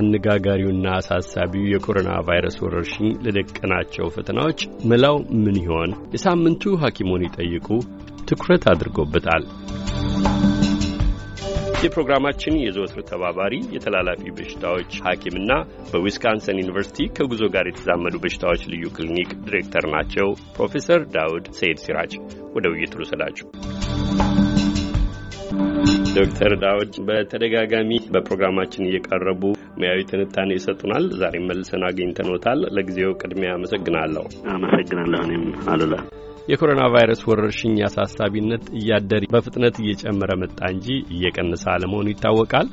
አነጋጋሪውና አሳሳቢው የኮሮና ቫይረስ ወረርሽኝ ለደቀናቸው ፈተናዎች መላው ምን ይሆን? የሳምንቱ ሐኪሞን ይጠይቁ ትኩረት አድርጎበታል። የፕሮግራማችን የዘወትር ተባባሪ የተላላፊ በሽታዎች ሐኪምና በዊስካንሰን ዩኒቨርሲቲ ከጉዞ ጋር የተዛመዱ በሽታዎች ልዩ ክሊኒክ ዲሬክተር ናቸው ፕሮፌሰር ዳውድ ሰይድ ሲራጅ። ወደ ውይይቱ ልውሰዳችሁ። ዶክተር ዳውድ በተደጋጋሚ በፕሮግራማችን እየቀረቡ ሙያዊ ትንታኔ ይሰጡናል። ዛሬም መልሰን አግኝተኖታል። ለጊዜው ቅድሚያ አመሰግናለሁ። አመሰግናለሁ እኔም አሉላ። የኮሮና ቫይረስ ወረርሽኝ አሳሳቢነት እያደር በፍጥነት እየጨመረ መጣ እንጂ እየቀነሰ አለመሆኑ ይታወቃል።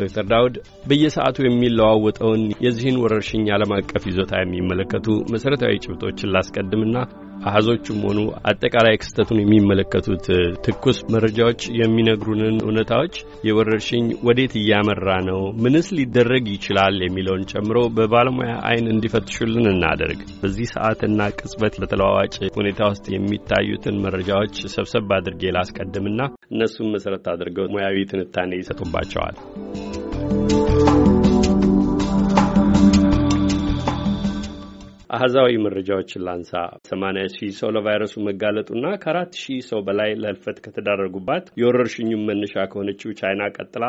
ዶክተር ዳውድ በየሰዓቱ የሚለዋወጠውን የዚህን ወረርሽኝ ዓለም አቀፍ ይዞታ የሚመለከቱ መሠረታዊ ጭብጦችን ላስቀድምና አሃዞቹም ሆኑ አጠቃላይ ክስተቱን የሚመለከቱት ትኩስ መረጃዎች የሚነግሩንን እውነታዎች የወረርሽኝ ወዴት እያመራ ነው፣ ምንስ ሊደረግ ይችላል የሚለውን ጨምሮ በባለሙያ አይን እንዲፈትሹልን እናደርግ። በዚህ ሰዓትና ቅጽበት በተለዋዋጭ ሁኔታ ውስጥ የሚታዩትን መረጃዎች ሰብሰብ አድርጌ ላስቀድምና እነሱን መሰረት አድርገው ሙያዊ ትንታኔ ይሰጡባቸዋል። አህዛዊ መረጃዎችን ላንሳ። 80 ሺህ ሰው ለቫይረሱ መጋለጡና ከአራት ሺህ ሰው በላይ ለህልፈት ከተዳረጉባት የወረርሽኙን መነሻ ከሆነችው ቻይና ቀጥላ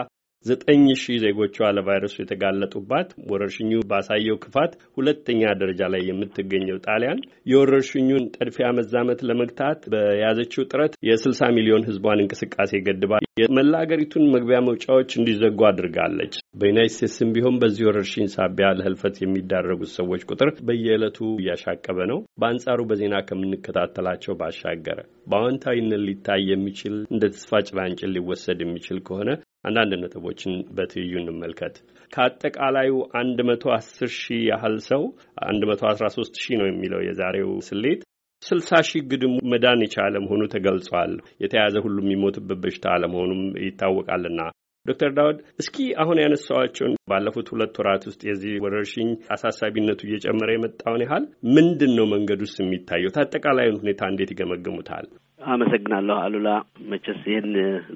ዘጠኝ ሺህ ዜጎቿ ለቫይረሱ የተጋለጡባት ወረርሽኙ ባሳየው ክፋት ሁለተኛ ደረጃ ላይ የምትገኘው ጣሊያን የወረርሽኙን ጠድፊያ መዛመት ለመግታት በያዘችው ጥረት የ60 ሚሊዮን ሕዝቧን እንቅስቃሴ ገድባ የመላ አገሪቱን መግቢያ መውጫዎች እንዲዘጉ አድርጋለች። በዩናይት ስቴትስም ቢሆን በዚህ ወረርሽኝ ሳቢያ ለህልፈት የሚዳረጉት ሰዎች ቁጥር በየዕለቱ እያሻቀበ ነው። በአንጻሩ በዜና ከምንከታተላቸው ባሻገረ በአዎንታዊነት ሊታይ የሚችል እንደ ተስፋ ጭላንጭል ሊወሰድ የሚችል ከሆነ አንዳንድ ነጥቦችን በትይዩ እንመልከት። ከአጠቃላዩ 110 ሺህ ያህል ሰው 113 ሺህ ነው የሚለው የዛሬው ስሌት 60 ሺህ ግድሙ መዳን የቻለ መሆኑ ተገልጿል። የተያዘ ሁሉ የሚሞትበት በሽታ አለመሆኑም ይታወቃልና ዶክተር ዳውድ እስኪ አሁን ያነሳዋቸውን ባለፉት ሁለት ወራት ውስጥ የዚህ ወረርሽኝ አሳሳቢነቱ እየጨመረ የመጣውን ያህል ምንድን ነው መንገድ ውስጥ የሚታየው? አጠቃላዩን ሁኔታ እንዴት ይገመግሙታል? አመሰግናለሁ አሉላ። መቼስ ይህን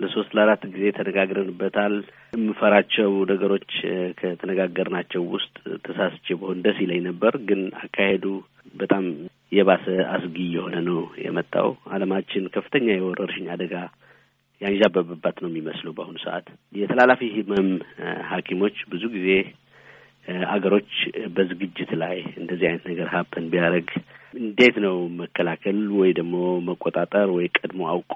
ለሶስት ለአራት ጊዜ ተነጋግረንበታል። የምፈራቸው ነገሮች ከተነጋገርናቸው ውስጥ ተሳስቼ በሆን ደስ ይለኝ ነበር፣ ግን አካሄዱ በጣም የባሰ አስጊ የሆነ ነው የመጣው። ዓለማችን ከፍተኛ የወረርሽኝ አደጋ ያንዣበበባት ነው የሚመስለው በአሁኑ ሰዓት። የተላላፊ ህመም ሐኪሞች ብዙ ጊዜ አገሮች በዝግጅት ላይ እንደዚህ አይነት ነገር ሀብተን ቢያደርግ እንዴት ነው መከላከል ወይ ደግሞ መቆጣጠር ወይ ቀድሞ አውቆ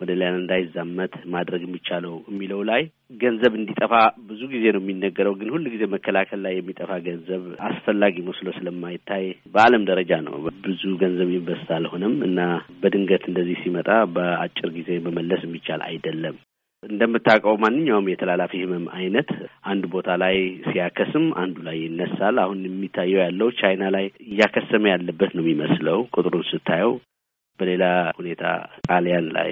ወደ ሌላ እንዳይዛመት ማድረግ የሚቻለው የሚለው ላይ ገንዘብ እንዲጠፋ ብዙ ጊዜ ነው የሚነገረው። ግን ሁል ጊዜ መከላከል ላይ የሚጠፋ ገንዘብ አስፈላጊ መስሎ ስለማይታይ በዓለም ደረጃ ነው ብዙ ገንዘብ ኢንቨስት አልሆነም እና በድንገት እንደዚህ ሲመጣ በአጭር ጊዜ መመለስ የሚቻል አይደለም። እንደምታውቀው ማንኛውም የተላላፊ ህመም አይነት አንድ ቦታ ላይ ሲያከስም አንዱ ላይ ይነሳል። አሁን የሚታየው ያለው ቻይና ላይ እያከሰመ ያለበት ነው የሚመስለው ቁጥሩን ስታየው። በሌላ ሁኔታ ጣሊያን ላይ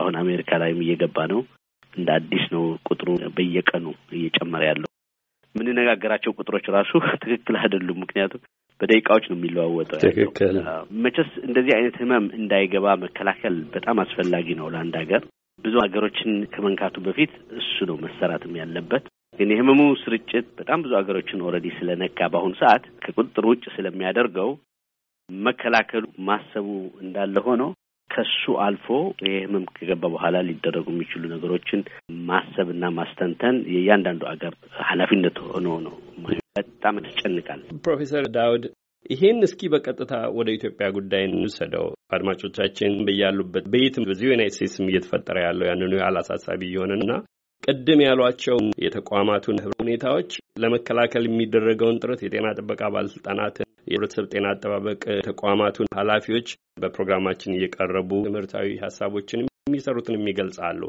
አሁን አሜሪካ ላይም እየገባ ነው። እንደ አዲስ ነው ቁጥሩ በየቀኑ እየጨመረ ያለው። የምንነጋገራቸው ቁጥሮች ራሱ ትክክል አይደሉም፣ ምክንያቱም በደቂቃዎች ነው የሚለዋወጠው። ትክክል መቼስ እንደዚህ አይነት ህመም እንዳይገባ መከላከል በጣም አስፈላጊ ነው ለአንድ ሀገር ብዙ ሀገሮችን ከመንካቱ በፊት እሱ ነው መሰራትም ያለበት። ግን የህመሙ ስርጭት በጣም ብዙ ሀገሮችን ኦልሬዲ ስለነካ በአሁኑ ሰዓት ከቁጥጥር ውጭ ስለሚያደርገው መከላከሉ ማሰቡ እንዳለ ሆኖ ከሱ አልፎ ይህ ህመም ከገባ በኋላ ሊደረጉ የሚችሉ ነገሮችን ማሰብና ማስተንተን የእያንዳንዱ አገር ኃላፊነት ሆኖ ነው። በጣም ያስጨንቃል። ፕሮፌሰር ዳውድ ይሄን እስኪ በቀጥታ ወደ ኢትዮጵያ ጉዳይ እንውሰደው። አድማጮቻችን በያሉበት በየትም በዚህ ዩናይት ስቴትስም እየተፈጠረ ያለው ያንኑ ያህል አሳሳቢ እየሆነና ቅድም ያሏቸው የተቋማቱን ህብረ ሁኔታዎች ለመከላከል የሚደረገውን ጥረት የጤና ጥበቃ ባለስልጣናትን፣ የህብረተሰብ ጤና አጠባበቅ ተቋማቱን ኃላፊዎች በፕሮግራማችን እየቀረቡ ትምህርታዊ ሀሳቦችን የሚሰሩትን የሚገልጻሉ።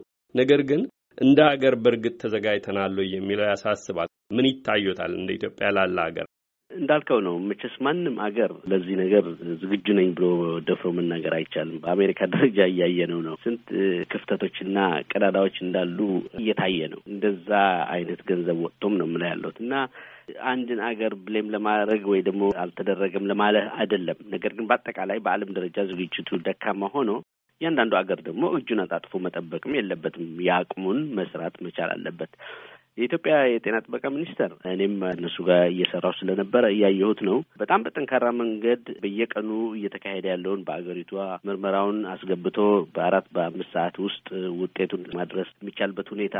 ነገር ግን እንደ ሀገር በእርግጥ ተዘጋጅተናል የሚለው ያሳስባል። ምን ይታዩታል እንደ ኢትዮጵያ ላለ ሀገር እንዳልከው ነው። መቼስ ማንም አገር ለዚህ ነገር ዝግጁ ነኝ ብሎ ደፍሮ መናገር አይቻልም። በአሜሪካ ደረጃ እያየነው ነው። ስንት ክፍተቶችና ቀዳዳዎች እንዳሉ እየታየ ነው። እንደዛ አይነት ገንዘብ ወጥቶም ነው ምላ ያለሁት እና አንድን አገር ብሌም ለማድረግ ወይ ደግሞ አልተደረገም ለማለህ አይደለም። ነገር ግን በአጠቃላይ በዓለም ደረጃ ዝግጅቱ ደካማ ሆኖ እያንዳንዱ አገር ደግሞ እጁን አጣጥፎ መጠበቅም የለበትም። የአቅሙን መስራት መቻል አለበት። የኢትዮጵያ የጤና ጥበቃ ሚኒስቴር እኔም እነሱ ጋር እየሰራው ስለነበረ እያየሁት ነው። በጣም በጠንካራ መንገድ በየቀኑ እየተካሄደ ያለውን በአገሪቷ ምርመራውን አስገብቶ በአራት በአምስት ሰዓት ውስጥ ውጤቱን ማድረስ የሚቻልበት ሁኔታ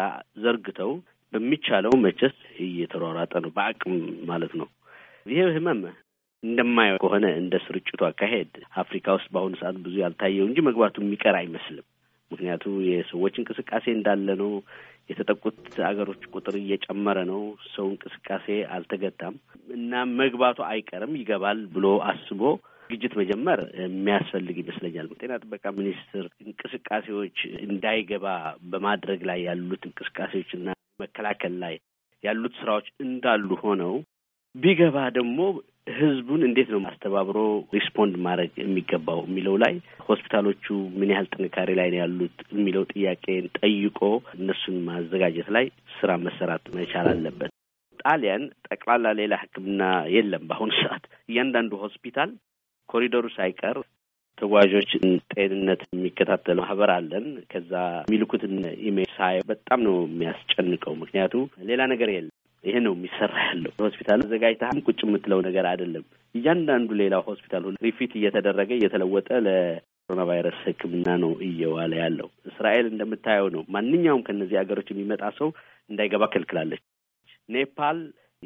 ዘርግተው በሚቻለው መቼስ እየተሯሯጠ ነው፣ በአቅም ማለት ነው። ይሄ ህመም እንደማየው ከሆነ እንደ ስርጭቱ አካሄድ አፍሪካ ውስጥ በአሁኑ ሰዓት ብዙ ያልታየው እንጂ መግባቱ የሚቀር አይመስልም። ምክንያቱ የሰዎች እንቅስቃሴ እንዳለ ነው። የተጠቁት ሀገሮች ቁጥር እየጨመረ ነው። ሰው እንቅስቃሴ አልተገታም እና መግባቱ አይቀርም ይገባል ብሎ አስቦ ግጅት መጀመር የሚያስፈልግ ይመስለኛል። ጤና ጥበቃ ሚኒስቴር እንቅስቃሴዎች እንዳይገባ በማድረግ ላይ ያሉት እንቅስቃሴዎች እና መከላከል ላይ ያሉት ስራዎች እንዳሉ ሆነው ቢገባ ደግሞ ህዝቡን እንዴት ነው አስተባብሮ ሪስፖንድ ማድረግ የሚገባው የሚለው ላይ ሆስፒታሎቹ ምን ያህል ጥንካሬ ላይ ነው ያሉት የሚለው ጥያቄን ጠይቆ እነሱን ማዘጋጀት ላይ ስራ መሰራት መቻል አለበት። ጣሊያን ጠቅላላ ሌላ ሕክምና የለም በአሁኑ ሰዓት እያንዳንዱ ሆስፒታል ኮሪደሩ ሳይቀር ተጓዦች ጤንነት የሚከታተል ማህበር አለን። ከዛ የሚልኩትን ኢሜል ሳይ በጣም ነው የሚያስጨንቀው። ምክንያቱ ሌላ ነገር የለም። ይሄ ነው የሚሰራ ያለው። ሆስፒታል ዘጋጅተህም ቁጭ የምትለው ነገር አይደለም። እያንዳንዱ ሌላ ሆስፒታል ሪፊት እየተደረገ እየተለወጠ ለኮሮና ቫይረስ ሕክምና ነው እየዋለ ያለው። እስራኤል እንደምታየው ነው። ማንኛውም ከነዚህ ሀገሮች የሚመጣ ሰው እንዳይገባ ከልክላለች። ኔፓል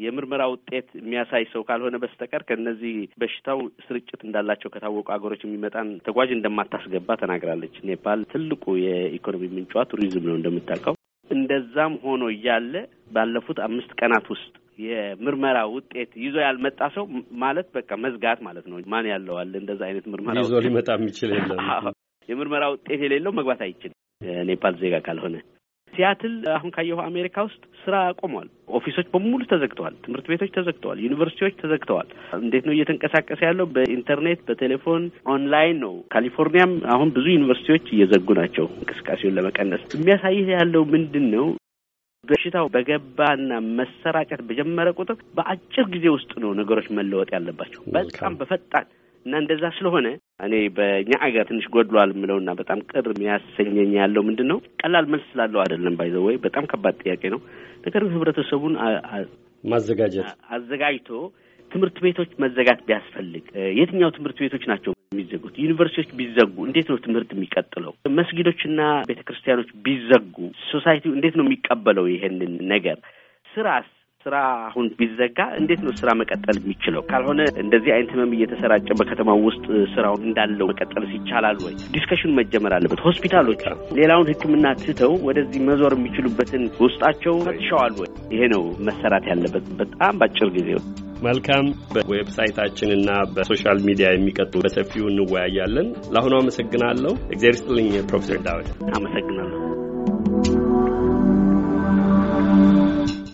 የምርመራ ውጤት የሚያሳይ ሰው ካልሆነ በስተቀር ከነዚህ በሽታው ስርጭት እንዳላቸው ከታወቁ ሀገሮች የሚመጣን ተጓዥ እንደማታስገባ ተናግራለች። ኔፓል ትልቁ የኢኮኖሚ ምንጯ ቱሪዝም ነው እንደምታውቀው። እንደዛም ሆኖ እያለ ባለፉት አምስት ቀናት ውስጥ የምርመራ ውጤት ይዞ ያልመጣ ሰው ማለት በቃ መዝጋት ማለት ነው። ማን ያለዋል እንደዛ አይነት ምርመራ ይዞ ሊመጣ የሚችል የለም። የምርመራ ውጤት የሌለው መግባት አይችልም፣ ኔፓል ዜጋ ካልሆነ። ሲያትል አሁን ካየሁ አሜሪካ ውስጥ ስራ ቆሟል። ኦፊሶች በሙሉ ተዘግተዋል። ትምህርት ቤቶች ተዘግተዋል። ዩኒቨርሲቲዎች ተዘግተዋል። እንዴት ነው እየተንቀሳቀሰ ያለው? በኢንተርኔት በቴሌፎን ኦንላይን ነው። ካሊፎርኒያም አሁን ብዙ ዩኒቨርሲቲዎች እየዘጉ ናቸው እንቅስቃሴውን ለመቀነስ። የሚያሳይህ ያለው ምንድን ነው በሽታው በገባና መሰራጨት በጀመረ ቁጥር በአጭር ጊዜ ውስጥ ነው ነገሮች መለወጥ ያለባቸው በጣም በፈጣን እና እንደዛ ስለሆነ እኔ በእኛ አገር ትንሽ ጎድሏል የምለውና በጣም ቅር የሚያሰኘኝ ያለው ምንድን ነው ቀላል መልስ ስላለው አይደለም። ባይዘው ወይ በጣም ከባድ ጥያቄ ነው። ነገር ግን ህብረተሰቡን ማዘጋጀት አዘጋጅቶ ትምህርት ቤቶች መዘጋት ቢያስፈልግ የትኛው ትምህርት ቤቶች ናቸው የሚዘጉት? ዩኒቨርሲቲዎች ቢዘጉ እንዴት ነው ትምህርት የሚቀጥለው? መስጊዶችና ቤተ ክርስቲያኖች ቢዘጉ ሶሳይቲ እንዴት ነው የሚቀበለው ይሄንን ነገር? ስራስ ስራ አሁን ቢዘጋ እንዴት ነው ስራ መቀጠል የሚችለው? ካልሆነ እንደዚህ አይነት ህመም እየተሰራጨ በከተማው ውስጥ ስራውን እንዳለው መቀጠል ይቻላል ወይ? ዲስከሽን መጀመር አለበት። ሆስፒታሎች ሌላውን ሕክምና ትተው ወደዚህ መዞር የሚችሉበትን ውስጣቸው ፈትሸዋል ወይ? ይሄ ነው መሰራት ያለበት በጣም በአጭር ጊዜ መልካም። በዌብሳይታችንና በሶሻል ሚዲያ የሚቀጥሉ በሰፊው እንወያያለን። ለአሁኑ አመሰግናለሁ። እግዚአብሔር ይስጥልኝ ፕሮፌሰር ዳዊት። አመሰግናለሁ።